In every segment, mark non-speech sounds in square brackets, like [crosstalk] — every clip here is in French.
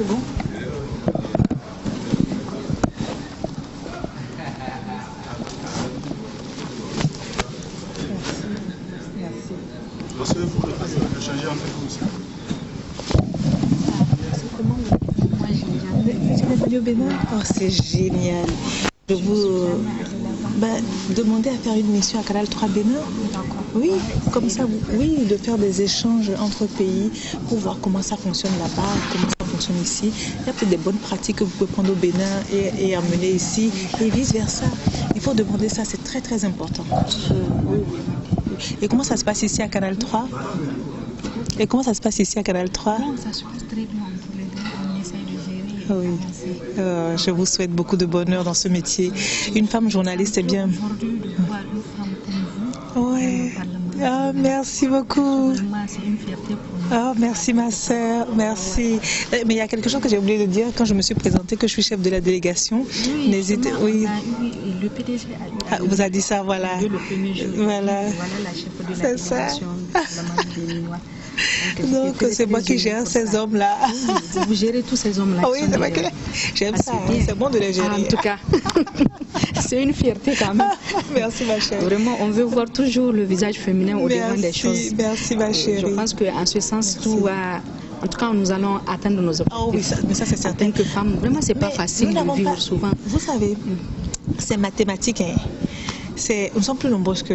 c'est bon Merci. Merci. Oh, c'est génial. Je vous Merci. Bah, demandez à faire une mission à Canal 3 Bénin. Oui, comme ça, oui, de faire des échanges entre pays pour voir comment ça fonctionne là-bas, comment ça fonctionne ici. Il y a peut-être des bonnes pratiques que vous pouvez prendre au Bénin et, amener ici et vice-versa. Il faut demander ça, c'est très très important. Et comment ça se passe ici à Canal 3 Et comment ça se passe ici à Canal 3 Ça se passe bien pour les [laughs] Oui. Euh, je vous souhaite beaucoup de bonheur dans ce métier. Une femme journaliste, c'est eh bien. Ouais. Oh, merci beaucoup. Oh, merci ma soeur, merci. Euh, mais il y a quelque chose que j'ai oublié de dire quand je me suis présentée, que je suis chef de la délégation. N'hésitez, oui. le PDG ah, vous a dit ça, voilà. Voilà. Ça. Donc, c'est moi qui gère ces hommes-là. vous gérez tous ces hommes-là. Ah oui, c'est vrai J'aime ah, ça, c'est bon de les gérer. En tout cas, [laughs] c'est une fierté quand même. [laughs] Merci, ma chérie. Vraiment, on veut voir toujours le visage féminin au-devant des choses. Merci, ma euh, chérie. Je pense qu'en ce sens, tout va en tout cas, nous allons atteindre nos objectifs. Ah oui, ça, mais ça c'est certain. que femme, vraiment, c'est pas facile de vivre souvent. Vous savez, mm. c'est mathématique. Hein. Nous sommes plus nombreuses que.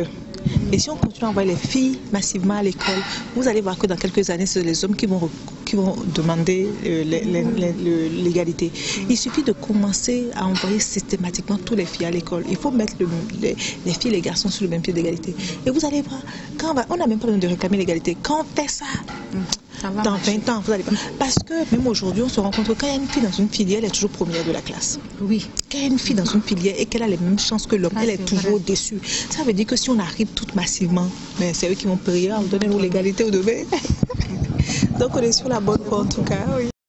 Et si on continue à envoyer les filles massivement à l'école, vous allez voir que dans quelques années, ce sont les hommes qui vont vont demander euh, l'égalité. Il suffit de commencer à envoyer systématiquement tous les filles à l'école. Il faut mettre les, filles et les garçons sur le même pied d'égalité. Et vous allez voir, quand on n'a même pas besoin de réclamer l'égalité. Quand on fait ça, dans 20 ans, vous allez voir. Parce que même aujourd'hui, on se rend compte que quand il y a une fille dans une filière, elle est toujours première de la classe. Oui. Quand il y a une fille dans une filière et qu'elle a les mêmes chances que l'homme, elle est, toujours déçue. Ça veut dire que si on arrive toutes massivement, ben, c'est eux qui vont prier, donnez-nous l'égalité au devez. [laughs] Donc on est sur la bonne voie en tout cas, oui.